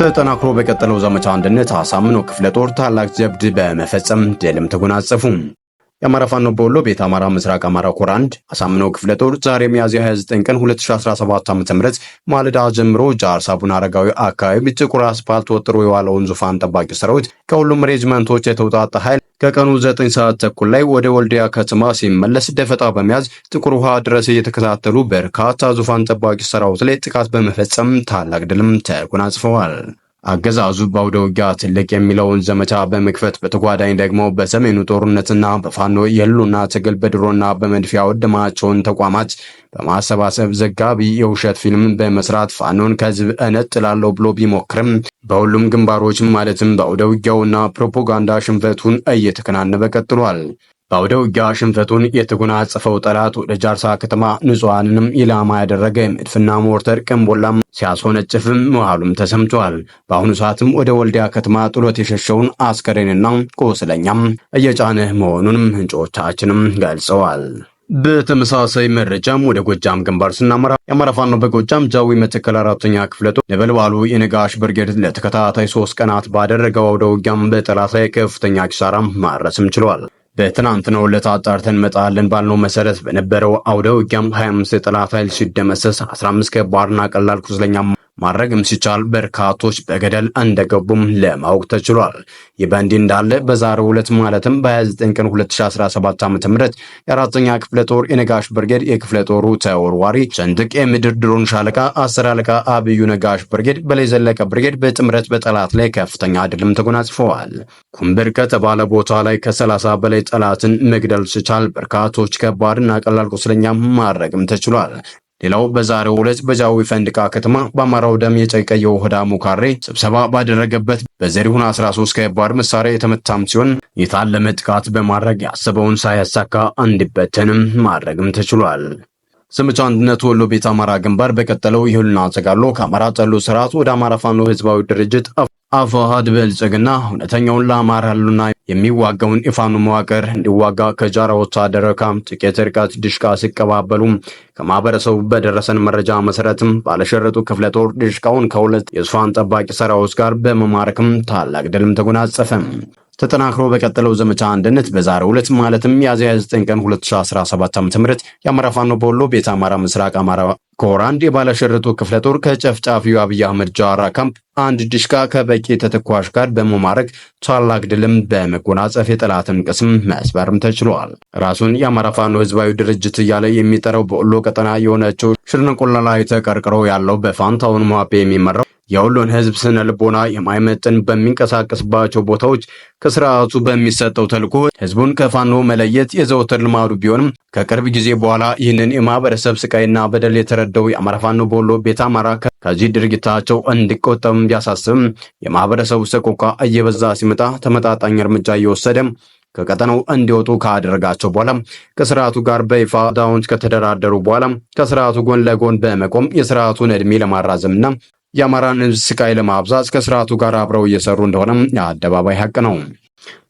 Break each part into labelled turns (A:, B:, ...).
A: ተጠናክሮ በቀጠለው ዘመቻ አንድነት አሳምኖ ክፍለ ጦር ታላቅ ጀብድ በመፈጸም ድልም ተጎናጸፉ። የአማራ ፋኖ በወሎ ቤት አማራ ምስራቅ አማራ ኮር አንድ አሳምነው ክፍለ ጦር ዛሬ ሚያዝያ 29 ቀን 2017 ዓ ም ማለዳ ጀምሮ ጃርሳ ቡና አረጋዊ አካባቢ ጥቁር አስፓልት ወጥሮ የዋለውን ዙፋን ጠባቂ ሰራዊት ከሁሉም ሬጅመንቶች የተውጣጣ ኃይል ከቀኑ 9 ሰዓት ተኩል ላይ ወደ ወልዲያ ከተማ ሲመለስ ደፈጣ በመያዝ ጥቁር ውሃ ድረስ እየተከታተሉ በርካታ ዙፋን ጠባቂ ሰራዊት ላይ ጥቃት በመፈጸም ታላቅ ድልም ተጎናጽፈዋል። አገዛዙ በአውደ ውጊያ ትልቅ የሚለውን ዘመቻ በመክፈት በተጓዳኝ ደግሞ በሰሜኑ ጦርነትና በፋኖ የህልውና ትግል በድሮና በመድፊያ ወደማቸውን ተቋማት በማሰባሰብ ዘጋቢ የውሸት ፊልም በመስራት ፋኖን ከህዝብ እነጥላለሁ ብሎ ቢሞክርም በሁሉም ግንባሮች ማለትም በአውደ ውጊያውና ፕሮፓጋንዳ ሽንፈቱን እየተከናነበ ቀጥሏል። በአውደ ውጊያ ሽንፈቱን የተጎናጸፈው ጠላት ወደ ጃርሳ ከተማ ንጹሐንንም ኢላማ ያደረገ መድፍና ሞርተር ቅንቦላም ሲያስወነጭፍም መዋሉም ተሰምቷል። በአሁኑ ሰዓትም ወደ ወልዲያ ከተማ ጥሎት የሸሸውን አስከሬንና ቆስለኛም እየጫነ መሆኑንም ምንጮቻችንም ገልጸዋል። በተመሳሳይ መረጃም ወደ ጎጃም ግንባር ስናመራ የአማራ ፋኖ በጎጃም ጃዊ መተከል አራተኛ ክፍለ ጦር ነበልባሉ የነጋሽ ብርጌድ ለተከታታይ ሶስት ቀናት ባደረገው አውደ ውጊያም በጠላት ላይ ከፍተኛ ኪሳራም ማድረስም ችሏል። በትናንትናው ዕለት አጣርተን እንመጣለን ባልነው መሰረት በነበረው አውደ ውጊያም 25 የጠላት ኃይል ሲደመሰስ 15 ከባድና ቀላል ቁስለኛ ማድረግም ሲቻል በርካቶች በገደል እንደገቡም ለማወቅ ተችሏል። ይህ በእንዲህ እንዳለ በዛሬው ዕለት ማለትም በ29 ቀን 2017 ዓ ም የአራተኛ ክፍለ ጦር የነጋሽ ብርጌድ የክፍለ ጦሩ ተወርዋሪ ሰንጥቅ የምድር ድሮን ሻለቃ አስር አለቃ አብዩ ነጋሽ ብርጌድ በላይ ዘለቀ ብርጌድ በጥምረት በጠላት ላይ ከፍተኛ ድልም ተጎናጽፈዋል። ኩምብር ከተባለ ቦታ ላይ ከ30 በላይ ጠላትን መግደል ሲቻል በርካቶች ከባድና ቀላል ቁስለኛ ማድረግም ተችሏል። ሌላው በዛሬው ዕለት በጃዊ ፈንድቃ ከተማ በአማራው ደም የጨቀየ ውህዳ ሙካሬ ስብሰባ ባደረገበት በዘሪሁን 13 ከባድ መሳሪያ የተመታም ሲሆን የታለመ ጥቃት በማድረግ ያሰበውን ሳያሳካ እንዲበተንም ማድረግም ተችሏል። ዘመቻ አንድነት ወሎ ቤት አማራ ግንባር በቀጠለው ይህሉን ተጋድሎ ከአማራ ጸሎ ስርዓት ወደ አማራ ፋኖ ህዝባዊ ድርጅት አፋሕድ ብልጽግና እውነተኛውን ለአማራ ህልውና የሚዋጋውን ኢፋኑ መዋቅር እንዲዋጋ ከጃራ ወታደራዊ ጥቂት ርቀት ድሽቃ ሲቀባበሉ ከማህበረሰቡ በደረሰን መረጃ መሰረትም ባለሸረጡ ክፍለ ጦር ድሽቃውን ከሁለት የዙፋን ጠባቂ ሰራዊት ጋር በመማረክም ታላቅ ድልም ተጎናጸፈም። ተጠናክሮ በቀጠለው ዘመቻ አንድነት በዛሬ ሁለት ማለትም ሚያዝያ 29 ቀን 2017 ዓ.ም የአማራ ፋኖ በወሎ ቤት አማራ ምስራቅ አማራ ኮር አንድ ክፍለ ጦር ከጨፍጫፊው አብይ አህመድ ጃዋራ ካምፕ አንድ ድሽቃ ከበቂ ተተኳሽ ጋር በመማረክ ታላቅ ድልም በመጎናጸፍ የጠላትን ቅስም መስበርም ተችሏል። ራሱን የአማራ ፋኖ ህዝባዊ ድርጅት እያለ የሚጠራው በወሎ ቀጠና የሆነችው ሽርንቁላ ላይ ተቀርቅሮ ያለው በፋንታውን ማፔ የሚመራው የሁሉን ህዝብ ስነ ልቦና የማይመጥን በሚንቀሳቀስባቸው ቦታዎች ከስርዓቱ በሚሰጠው ተልኮ ህዝቡን ከፋኖ መለየት የዘወትር ልማዱ ቢሆንም ከቅርብ ጊዜ በኋላ ይህንን የማህበረሰብ ስቃይና በደል የተረዳው የአማራ ፋኖ ቦሎ ቤተ አማራ ከዚህ ድርጊታቸው እንዲቆጠብም ቢያሳስብም የማህበረሰቡ ሰቆቃ እየበዛ ሲመጣ ተመጣጣኝ እርምጃ እየወሰደ ከቀጠናው እንዲወጡ ካደረጋቸው በኋላ ከስርዓቱ ጋር በይፋ ዳውንት ከተደራደሩ በኋላ ከስርዓቱ ጎን ለጎን በመቆም የስርዓቱን እድሜ ለማራዘምና የአማራን ህዝብ ስቃይ ለማብዛት ከስርዓቱ ጋር አብረው እየሰሩ እንደሆነ የአደባባይ ሀቅ ነው።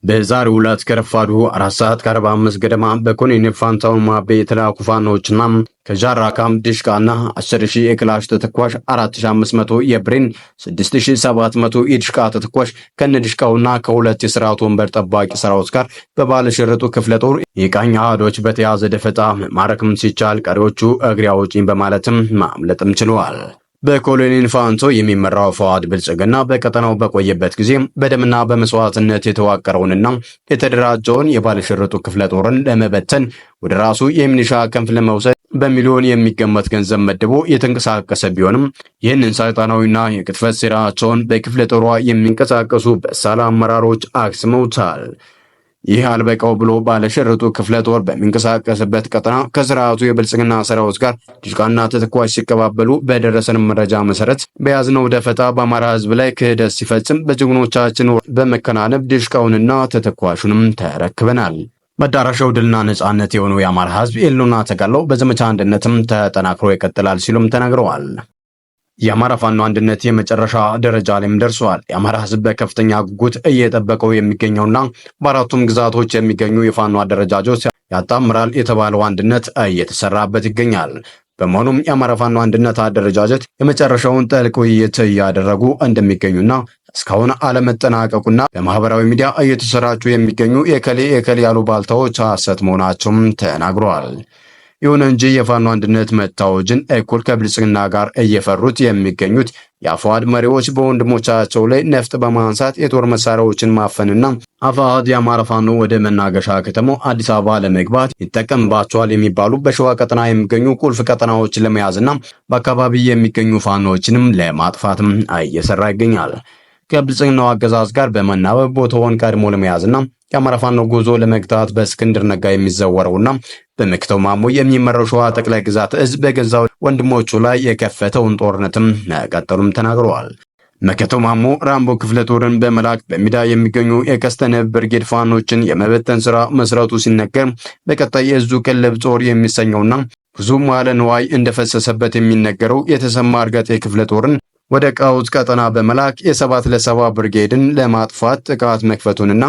A: በዛሬው ዕለት ከረፋዱ አራት ሰዓት ከአርባ አምስት ገደማ በኮሎኔል ፋንታውን ማቤ የተላኩ ፋኖዎችና ከጃራ ድሽቃና 10 የክላሽ ተተኳሽ፣ 4500 የብሬን፣ 6700 የድሽቃ ተተኳሽ ድሽቃውና ከሁለት የስርዓቱ ወንበር ጠባቂ ሰራዊት ጋር በባለሽርጡ ክፍለ ጦር የቃኝ አህዶች በተያዘ ደፈጣ ማረክም ሲቻል ቀሪዎቹ እግሬ አውጪኝ በማለትም ማምለጥም ችለዋል። በኮሎኔል ፋንቶ የሚመራው ፈዋድ ብልጽግና በቀጠናው በቆየበት ጊዜ በደምና በመስዋዕትነት የተዋቀረውንና የተደራጀውን የባለሽርጡ ክፍለ ጦርን ለመበተን ወደ ራሱ የሚኒሻ ክንፍ ለመውሰድ በሚሊዮን የሚገመት ገንዘብ መድቦ የተንቀሳቀሰ ቢሆንም ይህንን ሰይጣናዊና የቅጥፈት ሴራቸውን በክፍለ ጦሯ የሚንቀሳቀሱ በሳል አመራሮች አክስመውታል። ይህ አልበቃው ብሎ ባለሸርጡ ክፍለ ጦር በሚንቀሳቀስበት ቀጠና ከስርዓቱ የብልጽግና ሰራዊት ጋር ድሽቃና ተተኳሽ ሲቀባበሉ በደረሰን መረጃ መሰረት በያዝነው ደፈጣ በአማራ ሕዝብ ላይ ክህደት ሲፈጽም በጀግኖቻችን በመከናነብ ድሽቃውንና ተተኳሹንም ተረክበናል። መዳረሻው ድልና ነጻነት የሆነው የአማራ ሕዝብ የህልውና ተጋድሎ በዘመቻ አንድነትም ተጠናክሮ ይቀጥላል ሲሉም ተናግረዋል። የአማራ ፋኖ አንድነት የመጨረሻ ደረጃ ላይም ደርሷል። የአማራ ህዝብ በከፍተኛ ጉጉት እየጠበቀው የሚገኘውና በአራቱም ግዛቶች የሚገኙ የፋኖ አደረጃጆች ያጣምራል የተባለው አንድነት እየተሰራበት ይገኛል። በመሆኑም የአማራ ፋኖ አንድነት አደረጃጀት የመጨረሻውን ጥልቅ ውይይት እያደረጉ እንደሚገኙና እስካሁን አለመጠናቀቁና በማህበራዊ ሚዲያ እየተሰራጩ የሚገኙ የከሌ የከሌ ያሉ ባልታዎች ሐሰት መሆናቸውም ተናግረዋል። ይሁን እንጂ የፋኖ አንድነት መታወጅን እኩል ከብልጽግና ጋር እየፈሩት የሚገኙት የአፋሕድ መሪዎች በወንድሞቻቸው ላይ ነፍጥ በማንሳት የጦር መሳሪያዎችን ማፈንና አፋድ የአማራ ፋኖ ወደ መናገሻ ከተማው አዲስ አበባ ለመግባት ይጠቀምባቸዋል የሚባሉ በሸዋ ቀጠና የሚገኙ ቁልፍ ቀጠናዎችን ለመያዝና በአካባቢ የሚገኙ ፋኖዎችንም ለማጥፋትም እየሰራ ይገኛል። ከብልጽግናው አገዛዝ ጋር በመናበብ ቦታውን ቀድሞ ለመያዝና የአማራ ፋኖ ጉዞ ለመግታት በእስክንድር ነጋ የሚዘወረውና በመክተው ማሞ የሚመራው ሸዋ ጠቅላይ ግዛት እዝ በገዛ ወንድሞቹ ላይ የከፈተውን ጦርነትም መቀጠሉም ተናግረዋል። መከተው ማሞ ራምቦ ክፍለ ጦርን በመላክ በሚዳ የሚገኙ የከስተነ ብርጌድ ፋኖችን የመበተን ስራ መስራቱ ሲነገር በቀጣይ የእዙ ቀለብ ጦር የሚሰኘውና ብዙ መዋለ ንዋይ እንደፈሰሰበት የሚነገረው የተሰማ እርጋጤ ክፍለ ጦርን ወደ ቀውት ቀጠና በመላክ የሰባት ለሰባ ብርጌድን ለማጥፋት ጥቃት መክፈቱንና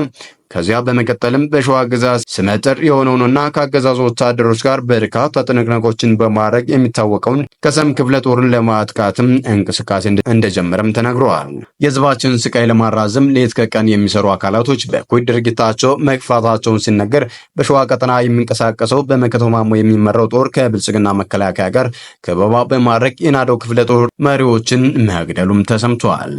A: ከዚያ በመቀጠልም በሸዋ ግዛት ስመጥር የሆነውንና ከአገዛዙ ወታደሮች ጋር በርካታ ትንቅንቆችን በማድረግ የሚታወቀውን ከሰም ክፍለ ጦርን ለማጥቃትም እንቅስቃሴ እንደጀመረም ተነግረዋል። የህዝባችን ስቃይ ለማራዘም ሌት ከቀን የሚሰሩ አካላቶች በኩይ ድርጊታቸው መግፋታቸውን ሲነገር በሸዋ ቀጠና የሚንቀሳቀሰው በመከተ የሚመራው ጦር ከብልጽግና መከላከያ ጋር ከበባ በማድረግ የናዶ ክፍለ ጦር መሪዎችን መግደሉም ተሰምቷል።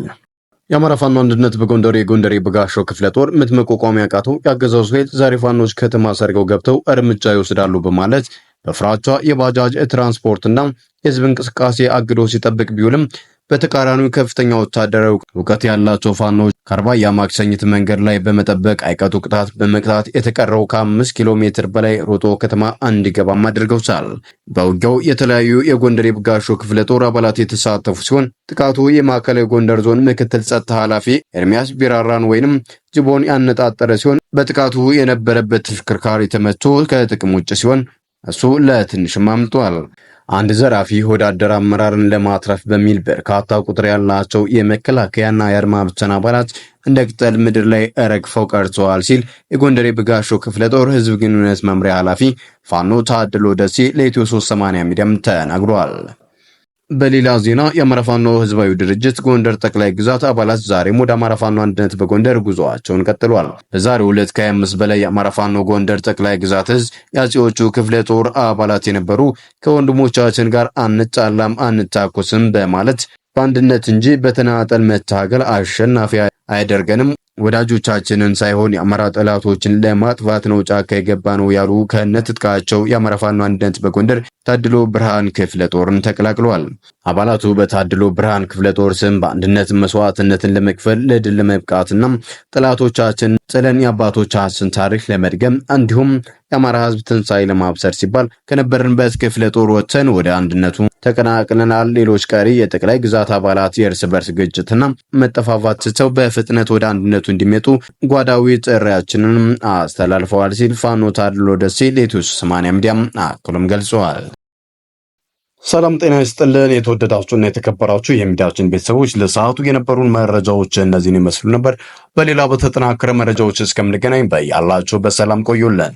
A: የአማራ ፋኖ አንድነት በጎንደር የጎንደር የበጋሻው ክፍለ ጦር ምት መቋቋም ያቃተው ያገዛዙ ኃይል ዛሬ ፋኖች ከተማ ሰርገው ገብተው እርምጃ ይወስዳሉ በማለት በፍራቻ የባጃጅ ትራንስፖርትና የህዝብ እንቅስቃሴ አግዶ ሲጠብቅ ቢውልም በተቃራኒው ከፍተኛ ወታደራዊ እውቀት ያላቸው ፋኖች ከአርባያ ማክሰኝት መንገድ ላይ በመጠበቅ አይቀጡ ቅጣት በመቅጣት የተቀረው ከአምስት ኪሎ ሜትር በላይ ሮጦ ከተማ እንዲገባም አድርገውታል። በውጊያው የተለያዩ የጎንደር የብጋሾ ክፍለ ጦር አባላት የተሳተፉ ሲሆን ጥቃቱ የማዕከላዊ ጎንደር ዞን ምክትል ጸጥታ ኃላፊ ኤርሚያስ ቢራራን ወይንም ጅቦን ያነጣጠረ ሲሆን በጥቃቱ የነበረበት ተሽከርካሪ ተመቶ ከጥቅም ውጭ ሲሆን እሱ ለትንሽም አምጧል። አንድ ዘራፊ ሆድ አደር አመራርን ለማትረፍ በሚል በርካታ ቁጥር ያላቸው የመከላከያና የአድማ ብተና አባላት እንደ ቅጠል ምድር ላይ ረግፈው ቀርተዋል ሲል የጎንደር ብጋሾ ክፍለ ጦር ህዝብ ግንኙነት መምሪያ ኃላፊ ፋኖ ታድሎ ደሴ ለኢትዮ 380 ሚዲያም ተናግሯል። በሌላ ዜና የአማራ ፋኖ ህዝባዊ ድርጅት ጎንደር ጠቅላይ ግዛት አባላት ዛሬም ወደ አማራ ፋኖ አንድነት በጎንደር ጉዞዋቸውን ቀጥሏል። በዛሬው ዕለት ከ25 በላይ የአማራ ፋኖ ጎንደር ጠቅላይ ግዛት እዝ የአጼዎቹ ክፍለ ጦር አባላት የነበሩ ከወንድሞቻችን ጋር አንጣላም አንታኮስም በማለት በአንድነት እንጂ በተናጠል መታገል አሸናፊ አይደርገንም ወዳጆቻችንን ሳይሆን የአማራ ጠላቶችን ለማጥፋት ነው ጫካ የገባ ነው ያሉ ትጥቃቸው የአማራ ፋኖ አንድነት በጎንደር ታድሎ ብርሃን ክፍለ ጦርን ተቀላቅለዋል። አባላቱ በታድሎ ብርሃን ክፍለ ጦር ስም በአንድነት መስዋዕትነትን ለመክፈል ለድል ለመብቃትና ጠላቶቻችን ጥለን የአባቶቻችን ታሪክ ለመድገም እንዲሁም የአማራ ሕዝብ ትንሣኤ ለማብሰር ሲባል ከነበርንበት ክፍለ ጦር ወጥተን ወደ አንድነቱ ተቀናቅነናል። ሌሎች ቀሪ የጠቅላይ ግዛት አባላት የእርስ በርስ ግጭትና መጠፋፋት ትተው በፍጥነት ወደ አንድነቱ እንዲመጡ ጓዳዊ ጥሪያችንን አስተላልፈዋል ሲል ፋኖ ታድሎ ደሴ ለኢትዮ ሰማንያ ሚዲያም አክሎም ገልጸዋል። ሰላም ጤና ይስጥልን። የተወደዳችሁና የተከበራችሁ የሚዲያችን ቤተሰቦች ለሰዓቱ የነበሩን መረጃዎች እነዚህን ይመስሉ ነበር። በሌላ በተጠናከረ መረጃዎች እስከምንገናኝ በያላችሁ በሰላም ቆዩልን።